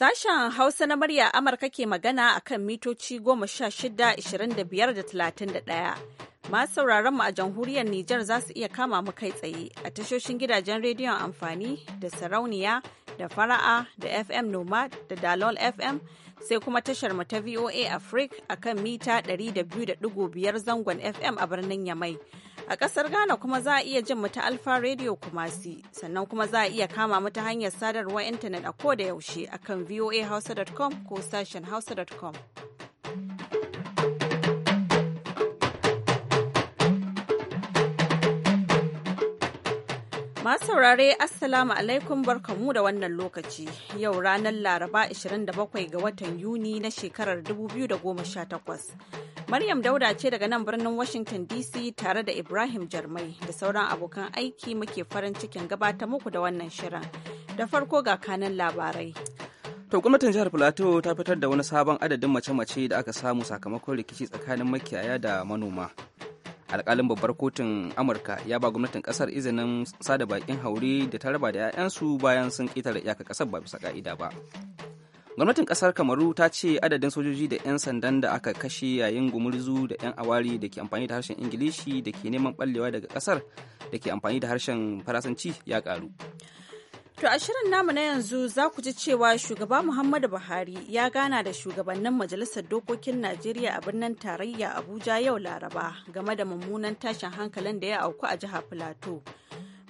Sashen Hausa na murya Amurka ke magana a kan mitoci 16, 25 da 31. Masu sauraron mu a jamhuriyar Nijar za su iya kama mu kai tsaye a tashoshin gidajen rediyon amfani da sarauniya da fara'a da FM Nomad da Dalol FM sai kuma tashar mu ta VOA Africa a kan mita 200.5 zangon FM a birnin Yamai. A ƙasar Ghana kuma za a iya jin mu ta Alfa Radio Kumasi, sannan kuma za a iya kama mu ta hanyar sadarwar intanet a ko da yaushe akan voahausa.com ko sashen hausa.com. Masu saurare Assalamu alaikum barkamu da wannan lokaci yau ranar Laraba 27 ga watan Yuni na shekarar 2018. Maryam Dauda ce daga nan birnin Washington DC tare da Ibrahim Jarmai da sauran abokan aiki muke farin cikin gabata muku da wannan shirin. Da farko ga kanan labarai. To gwamnatin jihar Filato ta fitar da wani sabon adadin mace-mace da aka samu sakamakon rikici tsakanin makiyaya da manoma. alkalin babbar kotun Amurka ya ba gwamnatin ƙasar izinin sada bakin haure da ta raba da 'ya'yansu bayan sun ƙetare iyaka ƙasar ba bisa ƙa'ida ba. gwamnatin kasar kamaru ta ce adadin sojoji da 'yan sandan da aka kashe yayin gumurzu da 'yan awari da ke amfani da harshen ingilishi da ke neman ballewa daga kasar da ke amfani da harshen faransanci ya karu. To a shirin namu na yanzu za ku ji cewa shugaba Muhammadu Buhari ya gana da shugabannin Majalisar Dokokin Najeriya a birnin tarayya Abuja yau Laraba game da mummunan tashin hankalin da ya auku a jihar Filato.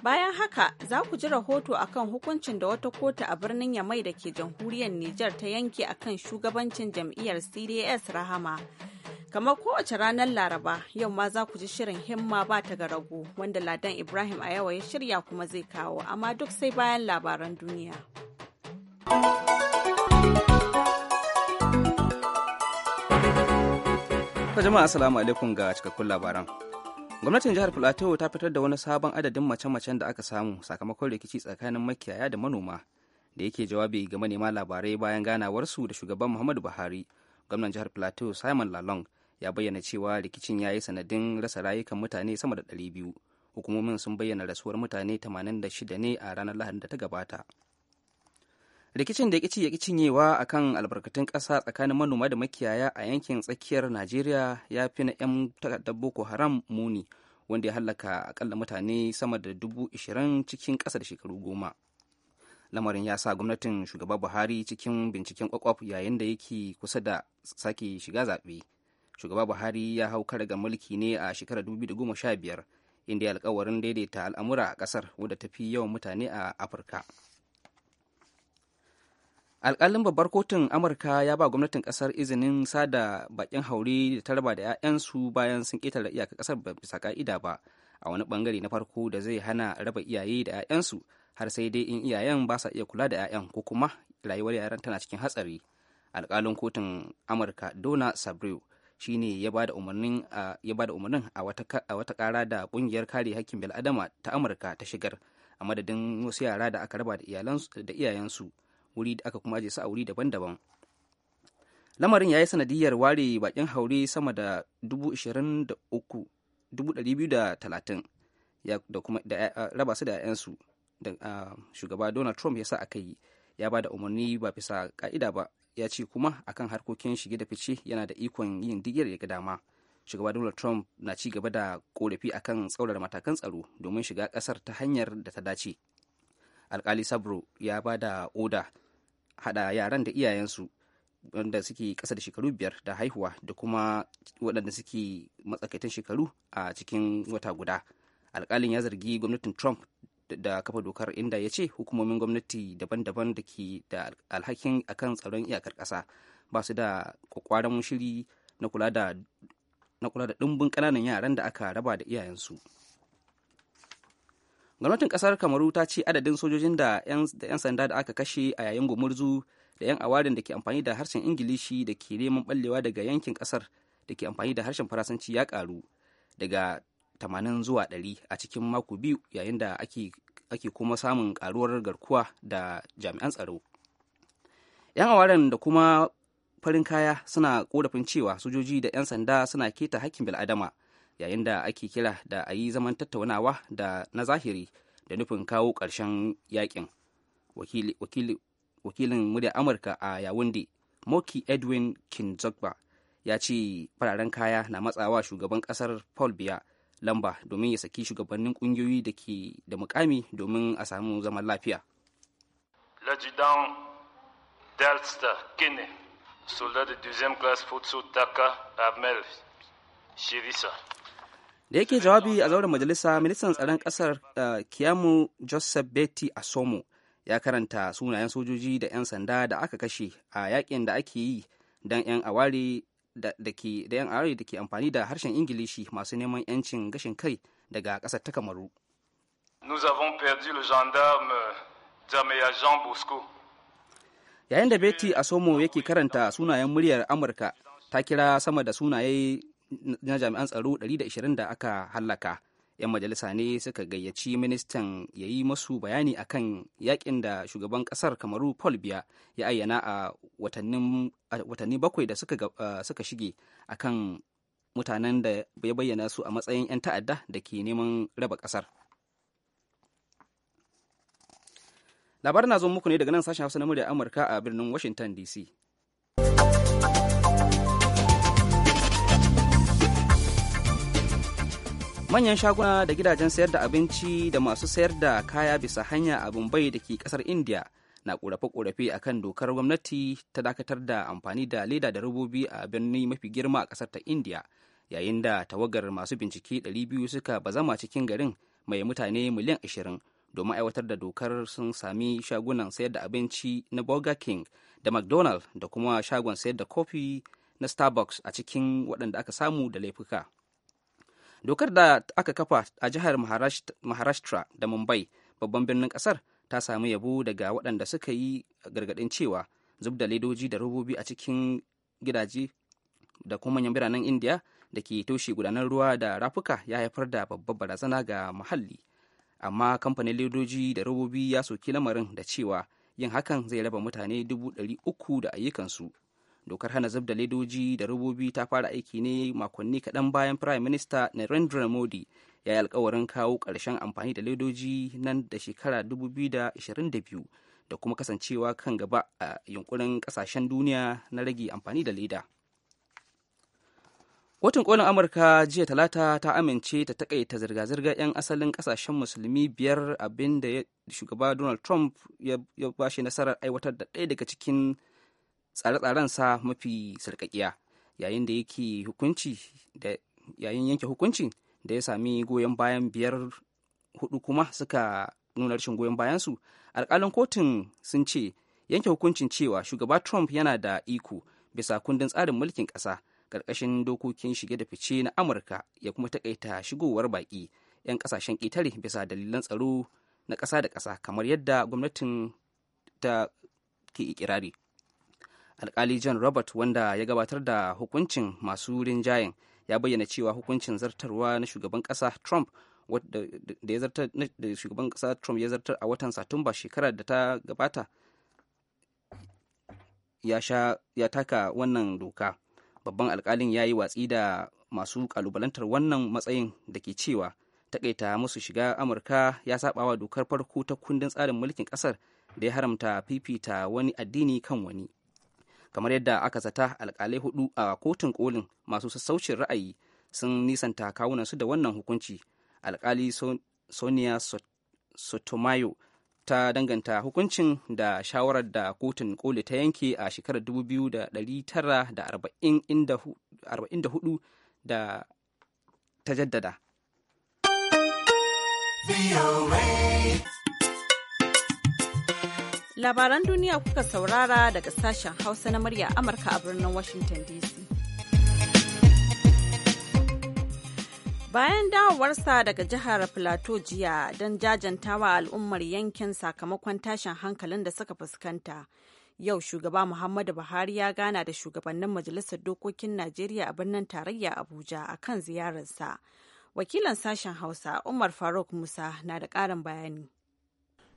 Bayan haka za ku ji rahoto akan hukuncin da wata kotu a birnin Yamai da ke jamhuriyar Nijar ta yanke kan shugabancin jam'iyyar CDS Rahama. Kamar kowace ranar Laraba, yau ma za ku ji shirin himma ba ta rago wanda Ladan Ibrahim a yawa ya shirya kuma zai kawo, amma duk sai bayan labaran duniya. jama'a assalamu alaikum ga cikakkun labaran. gwamnatin jihar plateau ta fitar da wani sabon adadin mace-macen da aka samu sakamakon rikici tsakanin makiyaya da manoma da yake jawabi ga manema labarai bayan ganawarsu da shugaban muhammadu buhari gwamnan jihar plateau simon lalong ya bayyana cewa rikicin ya yi sanadin rasa rayukan mutane sama da 200 hukumomin sun bayyana rasuwar mutane 86 ne a ranar lahadin da ta gabata rikicin da ya ƙi cinyewa a kan albarkatun ƙasa tsakanin manoma da makiyaya a yankin tsakiyar najeriya ya fi na 'yan takardar boko haram muni wanda ya hallaka akalla mutane sama da dubu ishirin cikin ƙasa da shekaru goma lamarin ya sa gwamnatin shugaba buhari cikin binciken kwakwaf yayin da yake kusa da sake shiga zaɓe shugaba buhari ya hau ga mulki ne a shekarar 2015 inda ya alkawarin daidaita al'amura a ƙasar wadda ta fi yawan mutane a afirka alkalin babbar kotun amurka ya ba gwamnatin kasar izinin sada bakin hauri da ta da 'ya'yansu bayan sun ketare iyaka kasar ba bisa ka'ida ba a wani bangare na farko da zai hana raba iyaye da 'ya'yansu har sai dai in iyayen ba sa iya kula da 'ya'yan ko kuma rayuwar yaran tana cikin hatsari alkalin kotun amurka dona sabriu ne ya ba da umarnin a wata kara da kungiyar kare hakkin bil'adama ta amurka ta shigar a madadin wasu yara da aka raba da iyayensu wuri aka kuma aje su a wuri daban-daban lamarin ya yi sanadiyar ware bakin haure sama da 23,230 da kuma raba su da 'ya'yansu da shugaba donald trump ya sa aka yi ya ba da umarni ba bisa ka'ida ba ya ce kuma akan harkokin shige da fice yana da ikon yin digiyar ya ga dama shugaba donald trump na ci gaba da korafi akan tsaurar matakan tsaro domin shiga ƙasar ta hanyar da ta dace alkali sabro ya ba da oda haɗa yaran da iyayensu wanda suke ƙasa da shekaru biyar da haihuwa da kuma waɗanda suke matsakaitan shekaru a cikin wata guda alkalin ya zargi gwamnatin trump da kafa dokar inda ya ce hukumomin gwamnati daban-daban da ke da alhakin akan tsaron iyakar ƙasa ba su da kwakwaran shiri na kula da ɗimbin ƙananan yaran da aka raba da iyayensu. gwamnatin kasar kamaru ta ce adadin sojojin da 'yan sanda da aka kashe a yayin gumurzu da 'yan awarin da ke amfani da harshen ingilishi da ke neman ballewa daga yankin kasar da ke amfani da harshen faransanci ya karu daga 80 zuwa 100 a cikin mako biyu yayin da ake, kuma samun karuwar garkuwa da jami'an tsaro 'yan awarin da kuma farin kaya suna korafin cewa sojoji da 'yan sanda suna keta hakkin bil'adama yayin da ake kira da a yi zaman tattaunawa da na zahiri da nufin kawo ƙarshen yakin wakilin murya amurka a yawundi moki edwin kinzogba ya ce fararen kaya na matsawa shugaban ƙasar paul biya lamba domin ya saki shugabannin ƙungiyoyi da ke da mukami domin a samu zaman lafiya soldat de deuxième classe Futsu Taka Shirisa. da yake jawabi a zauren majalisa ministan tsaron kasar eh, kiyamu joseph betty asomo ya karanta sunayen sojoji da 'yan sanda da aka kashe a yakin da ake yi don 'yan awari da ke amfani da harshen ingilishi masu neman 'yancin gashin kai daga kasar ta kamaru euh, Yayin da Betty Asomo yake karanta sunayen muryar Amurka, ta kira sama da sunaye na jami'an tsaro 120 da aka hallaka. 'Yan majalisa ne suka gayyaci ministan ya yi masu bayani akan yakin da shugaban kasar Kamaru Paul Biya ya ayyana a watanni bakwai da suka shige akan mutanen da ya bayyana su a matsayin 'yan ta'adda da ke neman raba kasar. labar na zo muku ne daga nan sashen hausa na murya amurka a birnin washington dc manyan shaguna da gidajen sayar da abinci da masu sayar da kaya bisa hanya a Bombay da ke kasar India na korafe-korafe a kan dokar gwamnati ta dakatar da amfani da leda da robobi a birni mafi girma a kasar ta India yayin da tawagar masu bincike 200 suka bazama cikin garin mai mutane miliyan 20 domin aiwatar da dokar sun sami shagunan sayar da abinci na Burger King da mcdonald da kuma shagon sayar da kofi na Starbucks a cikin waɗanda aka samu da laifuka. dokar da aka kafa a jihar maharashtra da mumbai babban birnin kasar ta sami yabo daga waɗanda suka yi gargaɗin cewa zub da ledoji da robobi a cikin gidaje da kuma manyan biranen indiya da ke toshe gudanar ruwa da rafuka ya haifar da babbar barazana ga muhalli amma kamfanin ledoji da robobi ya soki lamarin da cewa yin hakan zai raba mutane dubu ɗari uku da ayyukansu dokar hana zub da ledoji da robobi ta fara aiki ne makonni kaɗan bayan prime minister narendra modi ya yi alkawarin kawo ƙarshen amfani da ledoji nan da shekara 2022 da kuma kasancewa kan gaba a yunkurin ƙasashen duniya na rage amfani da leda kotun kolin amurka jiya talata ta amince ta takaita zirga-zirga 'yan asalin kasashen musulmi biyar abinda da shugaba donald trump ya bashi nasarar aiwatar da ɗaya daga cikin tsare-tsaren sa mafi sarkakiya yayin da yake hukunci da yayin yanke hukunci da ya sami goyon bayan biyar hudu kuma suka nuna rashin goyon bayansu alkalin kotun sun ce yanke hukuncin cewa shugaba trump yana da iko bisa kundin tsarin mulkin ƙasa karkashin dokokin shige da fice na amurka ya kuma takaita shigowar baki 'yan kasashen ƙetare bisa dalilan tsaro na ƙasa da ƙasa kamar yadda gwamnatin ta ke ikirari alkali john robert wanda ya gabatar da hukuncin masu rinjayen ya bayyana cewa hukuncin zartarwa na shugaban kasa trump ya zartar ya zartar a watan satumba shekarar da ta gabata ya ya taka wannan doka babban alkalin ya yi watsi da masu kalubalantar wannan matsayin da ke cewa takaita musu shiga amurka ya sabawa dokar farko ta kundin tsarin mulkin kasar da ya haramta fifita wani addini kan wani kamar yadda aka zata alkalai hudu a kotun kolin masu sassaucin ra'ayi sun nisanta kawunan su da wannan hukunci alkali sonia sotomayo ta danganta hukuncin da shawarar da kotun koli ta yanke a shekarar 2944 da ta jaddada. Labaran duniya kuka saurara daga sashen Hausa na murya Amurka a birnin Washington DC. Bayan dawowarsa daga jihar Plateau jiya don jajantawa al'ummar yankin sakamakon tashin hankalin da suka fuskanta. Yau shugaba Muhammadu Buhari ya gana da shugabannin Majalisar Dokokin Najeriya a birnin tarayya Abuja a kan ziyararsa. Wakilan sashen Hausa Umar Faruk Musa na da ƙarin bayani.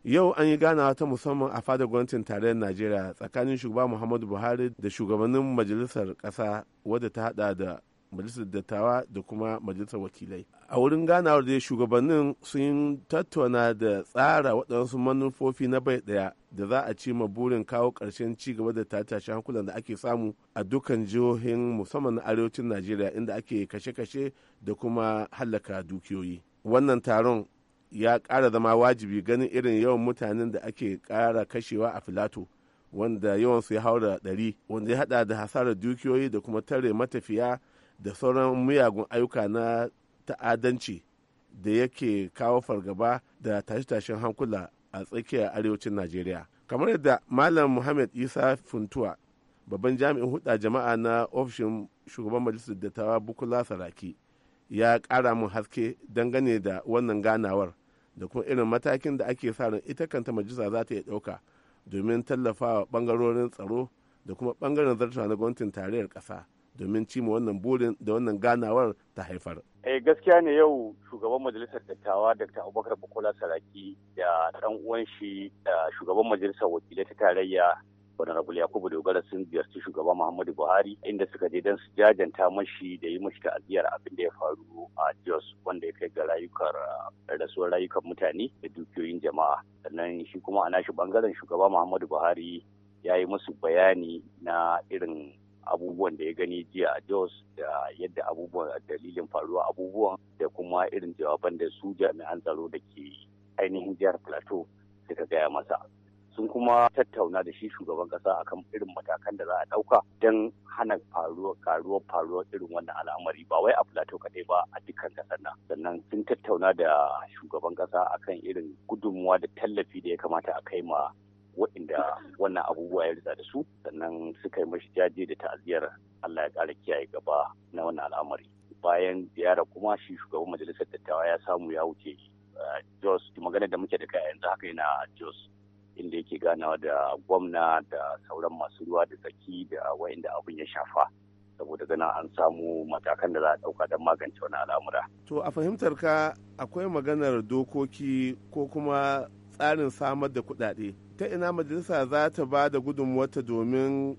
yau an yi ganawa ta musamman a fadar gwamnatin tarayyar najeriya tsakanin shugaba muhammadu buhari da shugabannin majalisar ƙasa wadda ta hada da majalisar dattawa da kuma majalisar wakilai a wurin ganawar da shugabannin sun yi tattauna da tsara waɗansu manufofi na bai ɗaya da za a ci burin kawo ƙarshen ci gaba da tashe hankulan da ake samu a dukkan jihohin musamman na arewacin najeriya inda ake kashe-kashe da kuma hallaka dukiyoyi wannan taron ya ƙara zama wajibi ganin irin yawan mutanen da ake ƙara kashewa a filato wanda yawansu ya haura ɗari wanda ya haɗa da hasarar dukiyoyi da kuma tare matafiya da sauran miyagun ayyuka na ta'adanci da yake kawo fargaba da tashe-tashen hankula a tsakiyar arewacin najeriya kamar yadda malam muhammad isa funtuwa babban jami'in huɗa jama'a na ofishin shugaban majalisar dattawa bukula saraki ya ƙara mun haske dangane da wannan ganawar da kuma irin matakin da ake sa ran ita kanta majalisa za ta iya ɗauka domin tallafa wa ɓangarorin tsaro da kuma ɓangaren zarta na gwamnatin tarayyar ƙasa domin cima wannan burin da wannan ganawar ta haifar. Eh gaskiya ne yau shugaban majalisar dattawa Dr. Abubakar Bukola Saraki da ɗan uwan shi da shugaban majalisar wakilai ta tarayya honorable yakubu dogara sun ziyarci shugaban muhammadu buhari inda suka je don su jajanta mashi da yi mashi ta'aziyar abin da ya faru a jos wanda ya kai ga rayukar rasuwar rayukan mutane da dukiyoyin jama'a sannan shi kuma a nashi bangaren shugaba muhammadu buhari ya yi musu bayani na irin abubuwan da ya gani jiya a Jos da yadda abubuwan dalilin faruwa abubuwan da kuma irin jawaban da su jami'an tsaro da ke ainihin jihar Plateau suka gaya masa. sun kuma tattauna da shi shugaban kasa akan irin matakan da za a ɗauka don hana faruwar karuwar faruwar irin wannan al'amari ba wai a plateau kaɗai ba a dukkan ƙasar nan sannan sun tattauna da shugaban kasa akan irin gudunmuwa da tallafi da ya kamata a kai ma waɗanda wannan abubuwa ya rutsa da su sannan suka yi mashi jaje da ta'aziyar Allah ya ƙara kiyaye gaba na wannan al'amari bayan ziyara kuma shi shugaban majalisar dattawa ya samu ya wuce eh, Jos magana da muke da kai yanzu haka yana Jos inda yake ganawa da gwamna da sauran masu ruwa da tsaki da wa'inda abin ya shafa saboda gana an samu matakan da za a ɗauka don magance wani al'amura. To a fahimtar ka akwai maganar dokoki ko kuma tsarin samar da kuɗaɗe. Ta ina majalisa za ta ba da gudunmuwarta domin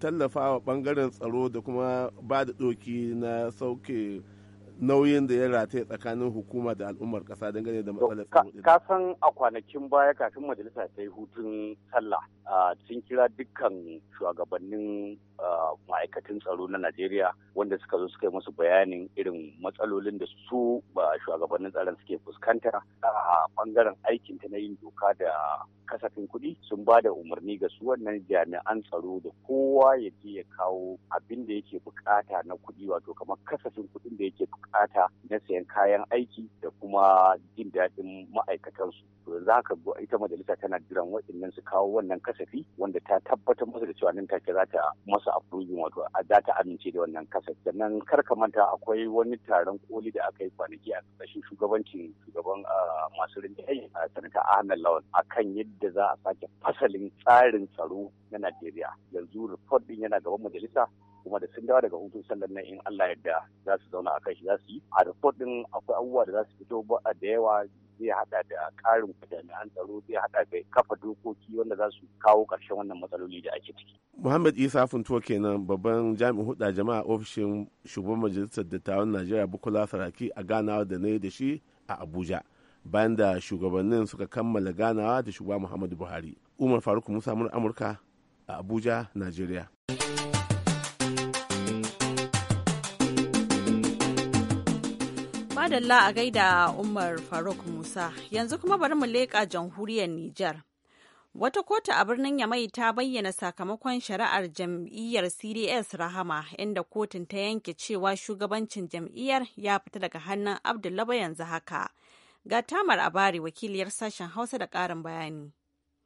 tallafawa ɓangaren tsaro da kuma ba da doki na sauke nauyin da ya rataye tsakanin hukuma da al'ummar kasa dangane da matsalar tsaro ka san a kwanakin baya kafin majalisa ta yi hutun sallah sun kira dukkan shugabannin ma'aikatan tsaro na Najeriya wanda suka zo suka yi musu bayanin irin matsalolin da su ba shugabannin tsaron suke fuskanta a bangaren aikin ta na yin doka da kasafin kuɗi sun ba da umarni ga su wannan jami'an tsaro da kowa ya je ya kawo abin da yake bukata na kuɗi wato kamar kasafin kuɗin da yake bukata na sayan kayan aiki da kuma jin daɗin ma'aikatansu to yanzu haka ita majalisa tana jiran waɗannan su kawo wannan kasafin kasafi wanda ta tabbatar musu da cewa nan take za ta masa approving wato za ta amince da wannan kasafi sannan kar ka manta akwai wani taron koli da aka yi kwanaki a ƙarshen shugabancin shugaban ah, masu rinjaye a ah, sanata Ahmed Lawan akan yadda za a sake fasalin tsarin tsaro na Najeriya yanzu report din yana gaban majalisa kuma da sun dawo daga hutun sallar na in Allah yadda za su zauna a kai shi za su yi a report din akwai abubuwa da za su fito da yawa zai hada da karin an tsaro zai hada da kafa dokoki wanda za su kawo ƙarshen wannan matsaloli da ake ciki. Muhammad Isa Funtuwa kenan babban jami'in huda jama'a ofishin shugaban majalisar dattawan Najeriya Bukola Saraki a ganawa da na yi da shi a Abuja. Bayan da shugabannin suka kammala ganawa da shugaba Muhammadu Buhari. Umar Faruk Musa Amurka a Abuja, Najeriya. Madalla a gaida Umar Faruk Musa, yanzu kuma bari mu leƙa jamhuriyar Nijar. Wata kotu a birnin Yamai ta bayyana sakamakon shari'ar jam'iyyar CDS Rahama inda kotun ta yanke cewa shugabancin jam'iyyar ya fita daga hannun Abdullaba yanzu haka. Ga Tamar Abari wakiliyar sashen Hausa da karin bayani.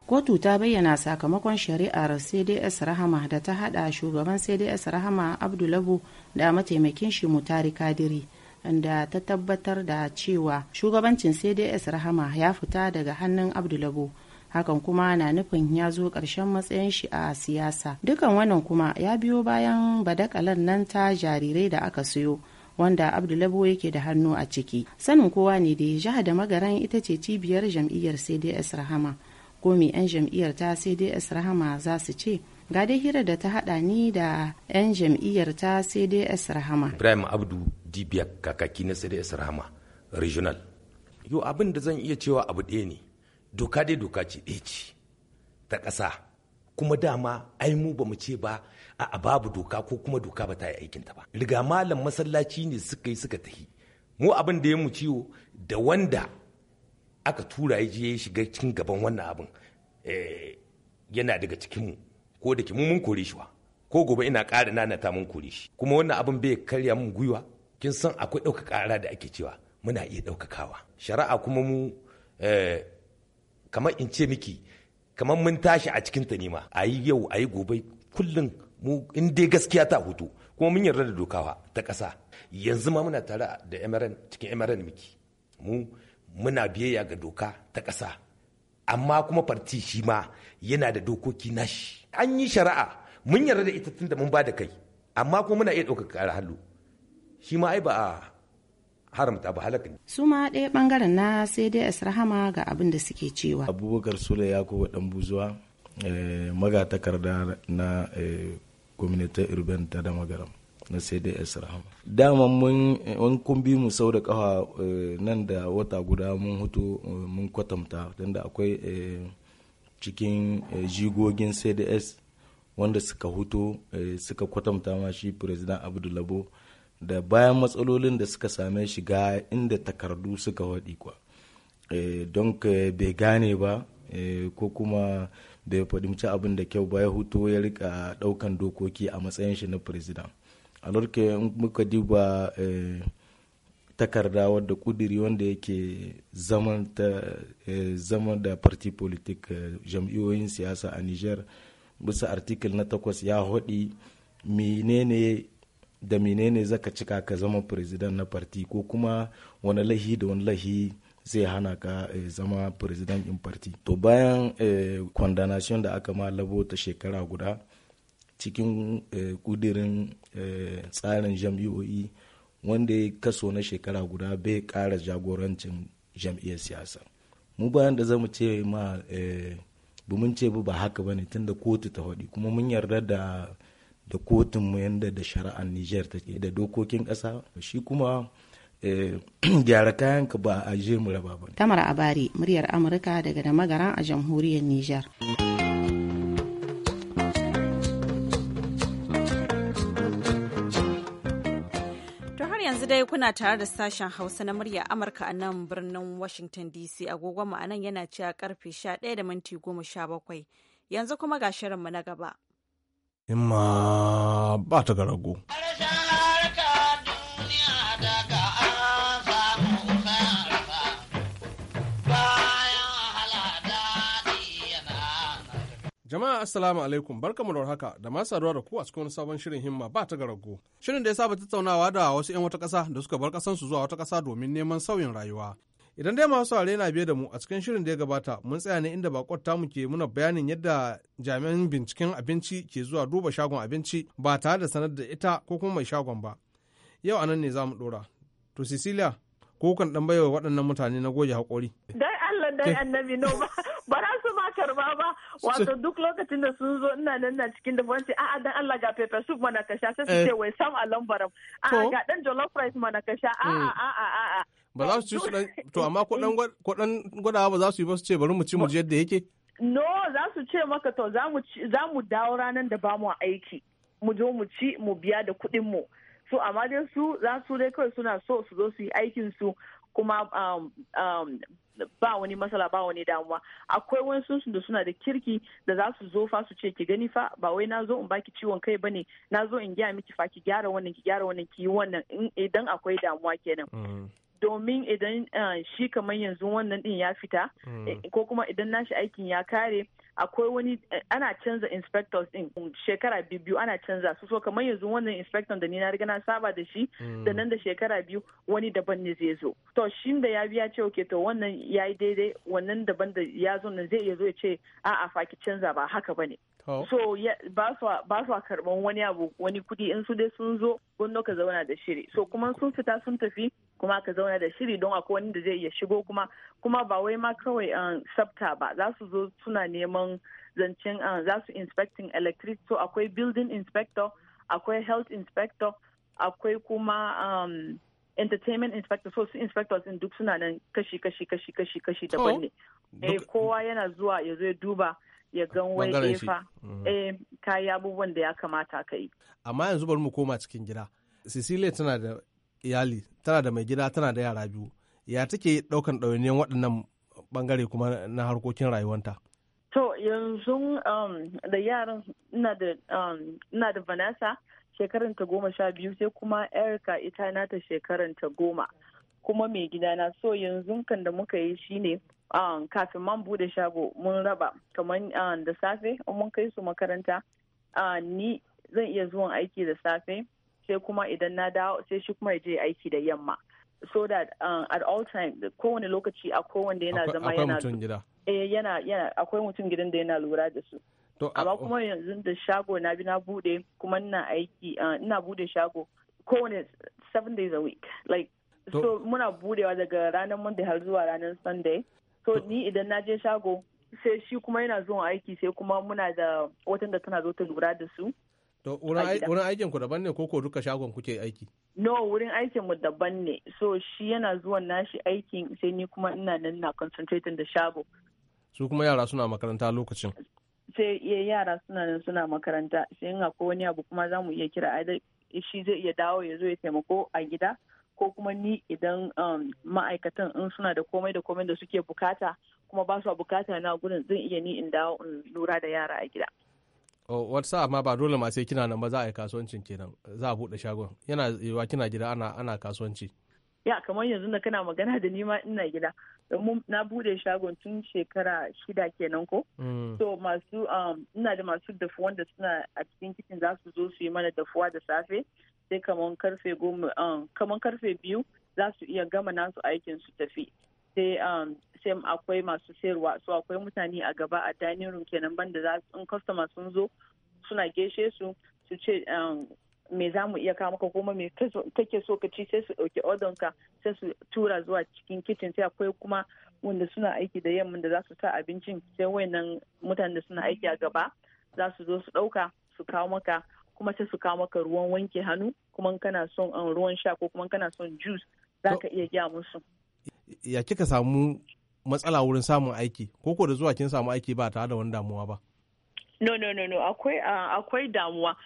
kotu ta bayyana sakamakon shari'ar cds rahama da ta hada shugaban cds rahama abdullabu da mataimakin shi mutari kadiri da ta tabbatar da cewa shugabancin cds rahama ya fita daga hannun abdulabo hakan kuma na nufin ya zo ƙarshen matsayin shi a siyasa dukan wannan kuma ya biyo bayan badakalan nan ta jarirai da aka siyo wanda abdulabo yake da hannu a ciki sanin kowa ne da jiha da magaran ita ce cibiyar jam'iyyar cds rahama ko 'yan jam'iyyar ta cds rahama za su ce ga dai hira da ta hada ni da 'yan jam'iyyar ta cds rahama ibrahim abdu dibiya kakaki na cds rahama regional yau abin da zan iya cewa abu ɗaya ne doka dai doka ce ɗaya ce ta ƙasa kuma dama ai mu ba mu ce ba a babu doka ko kuma doka ba ta yi aikinta ba riga malam masallaci ne suka yi suka tahi mu abin da ya mu ciwo da wanda aka tura ya je ya shiga cikin gaban wannan abin eh, yana daga cikinmu ko da mu mun kore shi wa ko gobe ina ƙara ta mun kore shi kuma wannan abin bai karya mun gwiwa kin san akwai ɗaukaka ƙara da ake cewa muna iya ɗaukakawa shari'a kuma mu eh, kamar in ce miki kamar mun tashi a cikin ta nema a yi yau a yi gobe kullum mu in dai gaskiya ta hutu kuma mun yarda da dokawa ta ƙasa yanzu ma muna tare da mrn cikin mrn miki mu muna biyayya ga doka ta ƙasa amma kuma farti shi ma yana da dokoki nashi an yi shari'a mun yarda da ita tunda mun ba da kai amma kuma muna iya ɗaukaka ƙara hallu shi ma ai ba a haramta ba halakin. ne su ma ɗaya bangaren na sai dai rahama ga abin da suke cewa abubakar sule yakubu ɗan buzuwa eh, magatakarda na eh, gwamnatin urban ta da magaram na sai dai rahama dama mun eh, kumbi mu sau da kafa nan da wata guda mun hutu mun kwatanta don akwai cikin jigogin cds wanda suka hutu suka kwatanta ma shi president abdulabo da bayan matsalolin da suka same shiga inda takardu suka waɗi kuwa eh, don bai gane ba eh, ko kuma bai fahimci abin da kyau ba ya hutu ya rika ɗaukan dokoki a matsayin shi na president a lokacin muka duba eh, takarda wadda kudiri wanda yake zama da parti politik jam'iyoyin siyasa a niger bisa artikel na takwas ya haɗi menene da menene zaka cika ka zama president na parti ko kuma wani lahi da wani lahi zai hana ka eh, zama president in party to bayan eh, condemnation da aka malabo ta shekara guda cikin eh, kudirin tsarin jam'iyoyi wanda ya kaso na shekara guda bai kara jagorancin jam'iyyar siyasa mu bayan da zamu ce ma bumin ce ba haka bane tunda kotu ta haɗi kuma mun yarda da da kotun mu yadda da shari'ar niger ke da dokokin ƙasa shi kuma eh, gyara kayan ka ba a je mu raba ba tamar abari muryar amurka daga da magaran a jamhuriyar niger yanzu dai kuna tare da sashen hausa na murya amurka a nan birnin washington dc agogon ma'anan yana ci a karfe 11 da minti 17 yanzu kuma ga shirinmu na gaba in ma ba ta ga rago. Jama'a Assalamu alaikum barkamu da haka da masu saduwa da ku a cikin wani sabon shirin himma ba ta garago. Shirin da ya saba tattaunawa da wasu 'yan wata ƙasa da suka bar ƙasansu zuwa wata ƙasa domin neman sauyin rayuwa. Idan dai masu saurare na biye da mu a cikin shirin da ya gabata mun tsaya ne inda bakon tamu ke muna bayanin yadda jami'an binciken abinci ke zuwa duba shagon abinci ba tare da sanar da ita ko kuma mai shagon ba. Yau anan ne za mu ɗora. To Cecilia, ko kan ɗan baiwa waɗannan mutane na goge hakori. dai Allah dai annabi no ba ba za su ma karba ba wato duk lokacin da sun zo ina nan na cikin da wanci a'a dan Allah ga pepper soup mana ka sha sai su ce eh. wai sam a lambaram a'a ga dan jollof rice mana ka sha a'a eh. a'a a'a ba za su ci su to amma ko dan gwadawa ba za su yi ba su ce bari mu ci mu yadda yake no za su ce maka to za mu dawo ranar da ba mu aiki mu zo mu ci mu biya da kuɗin mu so amma dai su za su dai kawai suna so su zo su yi aikin su kuma um, um, ba wani matsala ba wani damuwa akwai wani sun da suna da kirki da za su zo fa su ce ki gani fa ba wai na zo in baki ciwon kai bane na zo in gaya miki fa ki gyara wannan ki gyara wannan ki yi wannan idan akwai damuwa kenan mm. domin idan ah, shi kamar yanzu wannan din ya fita hmm. eh, ko kuma idan nashi aikin ya kare akwai wani eh, ana canza inspectors din mm, shekara biyu ana canza su so kamar yanzu wannan inspector da ni na riga na saba da shi hmm. da nan da shekara biyu wani daban ne zai zo to shi da ya biya ce oke to wannan ya yi daidai wannan daban da ya zo nan zai iya zo ya ce a'a fa ki canza ba haka bane so ba su a karban wani abu wani kudi in su dai sun zo gwamnati ka zauna da shiri so kuma sun fita sun tafi kuma aka zauna da shiri don akwai wani da zai iya shigo kuma kuma ba wai ma kawai an um, sabta ba za su zo suna neman zancen um, za su inspecting electric so akwai building inspector akwai health inspector akwai kuma um, entertainment inspector so su inspectors in duk suna nan kashi kashi kashi kashi kashi daban ne eh kowa yana zuwa ya zo ya duba ya gan wai efa eh, mm. eh kayi abubuwan da ya kamata ka yi amma yanzu bari mu koma cikin gida Cecilia tana da iyali tana da mai gida tana da yara biyu ya take ɗaukan ɗawainiyar waɗannan bangare kuma na harkokin rayuwanta to yanzu um, da yaran ina da um, vanessa ta goma sha biyu sai kuma erika ita nata ta goma kuma mai gida na so yanzu kan da muka yi shine um, kafin man bude shago mun raba kamar da safe mun kai su makaranta uh, ni zan iya zuwan aiki da safe sai kuma idan na dawo sai shi kuma je aiki da yamma so that um, at all time kowane lokaci a kowane yana zama yana eh, yana yana akwai mutum gidan da yana lura da su amma kuma yanzu da shago na bi na bude kuma ina aiki uh, ina bude shago kowane seven days a week like so muna budewa daga ranar monday har zuwa ranar sunday so ni idan na je shago sai shi kuma yana zuwa aiki sai kuma muna da watan da tana zo ta lura da su so wurin aikin ku daban ne ko ko duka shagon kuke aiki? No, wurin aikin mu daban ne. So shi yana zuwan nashi aikin sai ni kuma ina nan na concentrating da shago. Su kuma yara suna makaranta lokacin. Sai iya eh, yara suna nan suna makaranta. Sai in akwai wani abu kuma za mu iya kira shi zai iya dawo ya zo ya taimako a gida. ko kuma ni idan um, ma'aikatan in suna da komai da komai da suke bukata kuma ba su bukata na gudun zan iya ni in dawo in lura da yara a gida. Oh, wata sa'a ma ba dole ma sai kina nan ba za a yi kasuwancin kenan za a buɗe shagon yana yiwuwa kina gida ana ana kasuwanci ya kamar yanzu na kana magana da nima ina gida na buɗe shagon tun shekara shida kenan ko mm. so masu um, ina da masu dafu wanda suna a cikin kicin za su zo su yi mana dafuwa da safe sai kamar karfe goma um, kamar karfe biyu za su iya gama nasu aikin su tafi sai um, sai akwai masu sayarwa so akwai mutane a gaba a dining room kenan banda za in customer sun zo suna geshe su su ce um, me za mu iya kawo maka kuma me kake so ka ci sai su ɗauki odonka sai su tura zuwa cikin kitchen sai akwai kuma wanda suna aiki da yamma da za su sa abincin sai wayannan mutanen da suna aiki a gaba za su zo su ɗauka su kawo maka kuma sai su kawo maka ruwan wanke hannu kuma kana son um, ruwan sha ko kuma kana son juice za ka iya gya musu. ya kika samu matsala wurin samun aiki ko ko da zuwa kin samu aiki ba tare da wani damuwa ba no no no no akwai akwai damuwa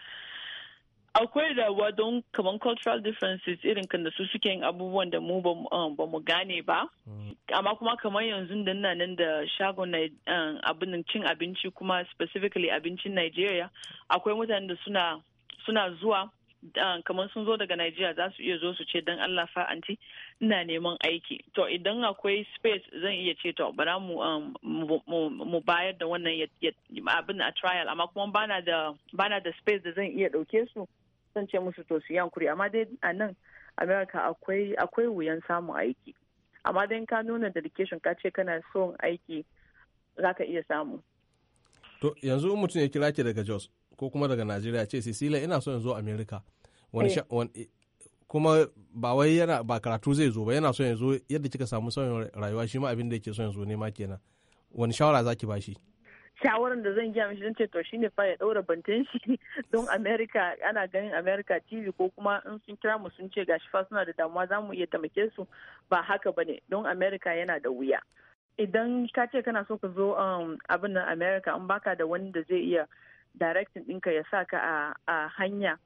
akwai damuwa don kaman cultural differences irin kan da su suke yin abubuwan da mu ba mu um, gane ba mm. amma kuma kamar yanzu da nan da shagon um, abin cin abinci kuma specifically abincin Nigeria akwai mutanen da suna zuwa um, kamar sun zo daga nigeria za su iya zo su ce dan Allah fa anti ina neman aiki to idan akwai space zan iya ce to bara mu um, mu bayar da wannan abin a trial amma kuma bana da bana da space da zan iya dauke su zan ce musu to su yankuri amma dai a nan america akwai akwai wuyan samun aiki amma dai ka nuna dedication ka ce kana son aiki zaka iya samu to yanzu mutum ya kira ki daga jos ko kuma daga najeriya ce sisila ina so in zo america eh. kuma ba wai yana ba karatu zai zo ba yana son ya yadda kika samu son rayuwa shi ma abin da yake son ya zo ne ma kenan wani shawara zaki ba shi shawaran da zan gaya mishi don ce to shine fa ya daura bantan shi don America ana ganin America TV ko kuma in sun kira mu sun ce gashi fa suna da damuwa za mu iya taimake su ba haka ba ne don America yana da wuya idan ka ce kana so ka zo um, abin nan America in baka da wani zai iya directing ɗinka ya sa ka a hanya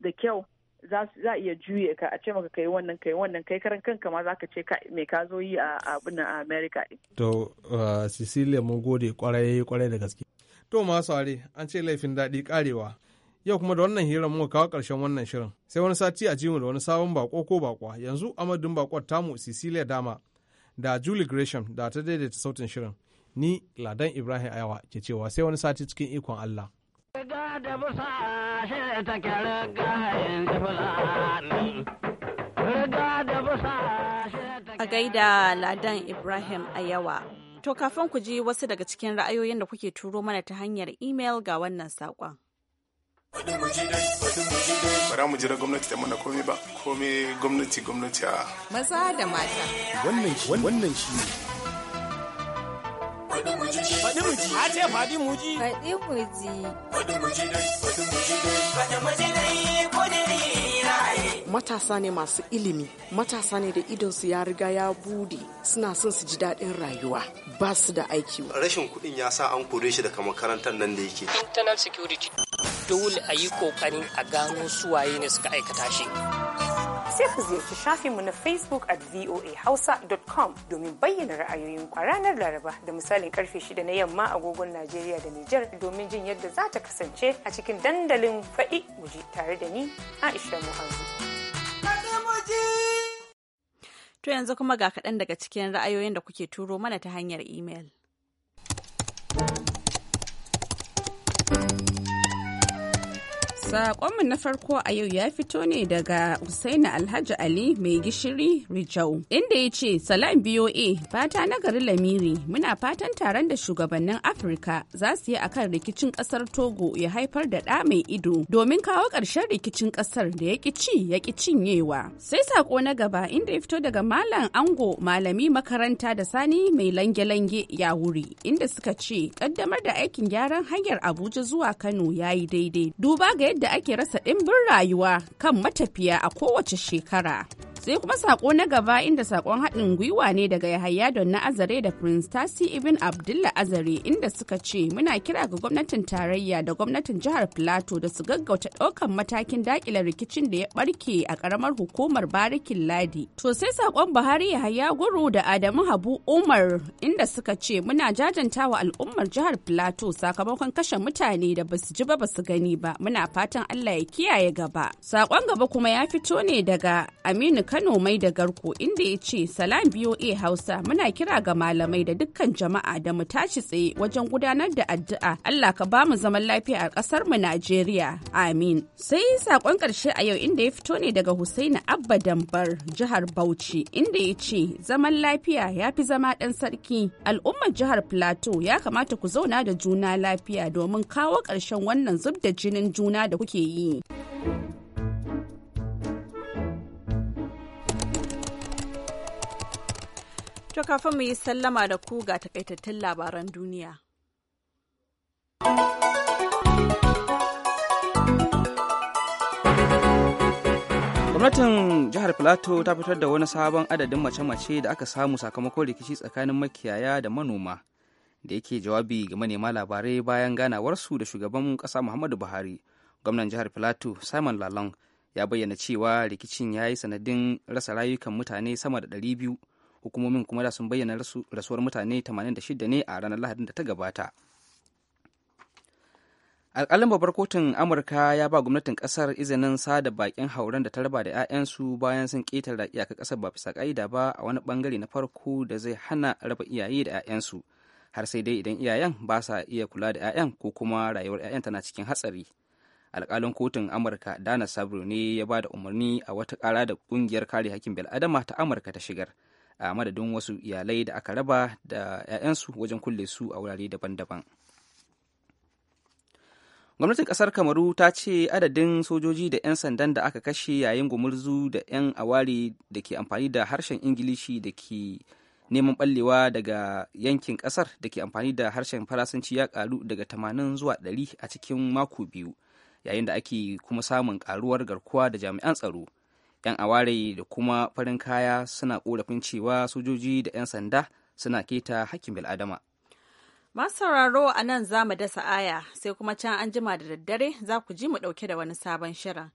da kyau za a iya juye ka a ce maka kai wannan kai wannan kai karan kanka ma zaka ce me ka zo yi a abin a America din to uh, Cecilia mun gode kwarai kwarai da gaske to ma sare an ce laifin daɗi karewa yau kuma da wannan hirar muka kawo ƙarshen wannan shirin sai wani sati a jimu da wani sabon bako ko bakwa yanzu amadin bakwa tamu Cecilia Dama da Julie Gresham da ta daidaita sautin shirin ni Ladan Ibrahim Ayawa ke cewa sai wani sati cikin ikon Allah da da shi fulani. A gaida Ladan Ibrahim a yawa. To kafin ku ji wasu daga cikin ra'ayoyin da kuke turo mana ta hanyar imel ga wannan saƙon. bara mu jira gwamnati ta mana komai ba komai gwamnati gwamnati a maza da mata wannan shi ne A ce faɗi muji. Faɗi muji. muji muji dai. Ko Matasa ne masu ilimi. Matasa ne da idonsu ya riga ya bude. Suna son su ji daɗin rayuwa. Ba su da aiki. Rashin kuɗin ya sa an kore shi daga makarantar nan da yake. Internal security. Dole a yi kokarin a gano suwaye ne suka aikata shi. sai ku ziyarci shafinmu na Facebook at voahausa.com domin bayyana ra'ayoyin a ranar Laraba da misalin karfe 6 na yamma agogon Najeriya da Nijar domin jin yadda za ta kasance a cikin dandalin faɗi muji tare da ni Aisha Muhammadu. To yanzu kuma ga kaɗan daga cikin ra'ayoyin da kuke turo mana ta hanyar imel. Bakonmu na farko a yau ya fito ne daga Usaini Alhaji Ali mai gishiri Rijau, inda ya ce Salam BOA fata na gari Lamiri muna fatan taron da shugabannin Afirka za su yi akan rikicin kasar Togo ya haifar da ɗa mai ido domin kawo ƙarshen rikicin kasar da ya ci ya cinyewa. Sai sako na gaba inda ya fito daga Malam Ango malami makaranta da Sani mai lange-lange ya wuri inda suka ce ƙaddamar da aikin gyaran hanyar Abuja zuwa Kano ya yi daidai. Duba ga yadda yadda ake rasa ɗimbin rayuwa kan matafiya a kowace shekara. sai kuma sako na gaba inda sakon haɗin gwiwa ne daga yahaya don na azare da prince tasi ibn abdullah azare inda suka ce muna kira ga gwamnatin tarayya da gwamnatin jihar plateau da su gaggauta ɗaukan matakin dakile rikicin da ya barke a ƙaramar hukumar barikin ladi to sai sakon buhari yahaya guru da adamu habu umar inda suka ce muna jajantawa al'ummar jihar plateau sakamakon kashe mutane da basu ji ba basu gani ba muna fatan allah ya kiyaye gaba sakon gaba kuma ya fito ne daga aminu Kano mai da garko inda ya ce salam BOA Hausa muna kira ga malamai da dukkan jama'a da mu tashi tsaye wajen gudanar da addu'a Allah ka ba mu zaman lafiya a ƙasar mu Najeriya amin. Sai sakon ƙarshe a yau inda ya fito ne daga Husaini Abba Dambar jihar Bauchi inda ya ce zaman lafiya ya fi zama ɗan sarki al'ummar jihar Plateau ya kamata ku zauna da juna lafiya domin kawo ƙarshen wannan zub da jinin juna da kuke yi. To kafin mu yi sallama da ku ga takaitattun labaran duniya. Gwamnatin jihar Filato ta fitar da wani sabon adadin mace-mace da aka samu sakamakon rikici tsakanin makiyaya da manoma da yake jawabi ga manema labarai bayan ganawarsu da shugaban ƙasa Muhammadu Buhari. Gwamnan jihar Filato Simon Lalong ya bayyana cewa rikicin ya yi sanadin rasa rayukan mutane sama da 200 hukumomin kuma da sun bayyana rasuwar mutane 86 ne a ranar lahadin da ta gabata alƙalin babbar kotun amurka ya ba gwamnatin ƙasar izinin sada bakin hauren da ta raba da 'ya'yansu bayan sun ƙetare iyaka ƙasar ba bisa ƙa'ida ba a wani ɓangare na farko da zai hana raba iyaye da 'ya'yansu har sai dai idan iyayen ba sa iya kula da 'ya'yan ko kuma rayuwar 'ya'yan tana cikin hatsari alkalin kotun amurka dana sabro ne ya ba da umarni a wata kara da ƙungiyar kare hakkin bil'adama ta amurka ta shigar a madadin wasu iyalai da aka raba da 'ya'yansu wajen kulle su a wurare daban-daban gwamnatin ƙasar kamaru ta ce adadin sojoji da 'yan sandan da aka kashe yayin gumurzu da 'yan awari da ke amfani da harshen ingilishi da ke neman ɓallewa daga yankin ƙasar da ke amfani da harshen faransanci ya ƙaru daga tamanin zuwa ɗari a cikin mako biyu yayin da ake kuma samun ƙaruwar garkuwa da jami'an tsaro 'yan aware da kuma farin kaya suna korafin cewa sojoji da 'yan sanda suna keta hakkin bil'adama masu sauraro a nan za mu dasa aya sai kuma can an jima da daddare za ku ji mu ɗauke da wani sabon shirin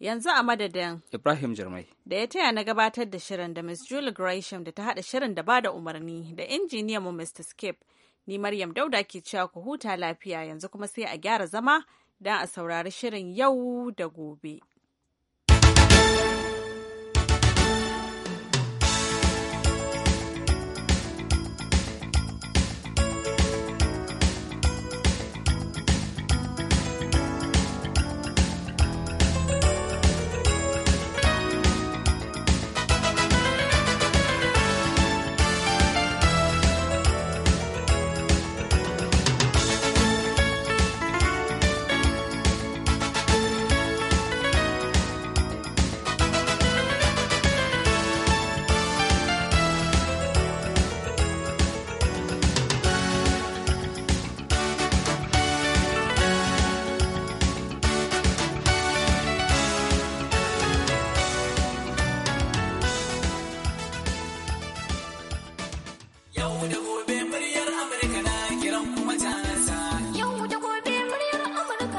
yanzu a madadin ibrahim jirmai da ya taya na gabatar da shirin da miss julie gresham da ta haɗa shirin da ba da umarni da injiniyan mu mr skip ni maryam dauda ke cewa ku huta lafiya yanzu kuma sai a gyara zama don a saurari shirin yau da gobe.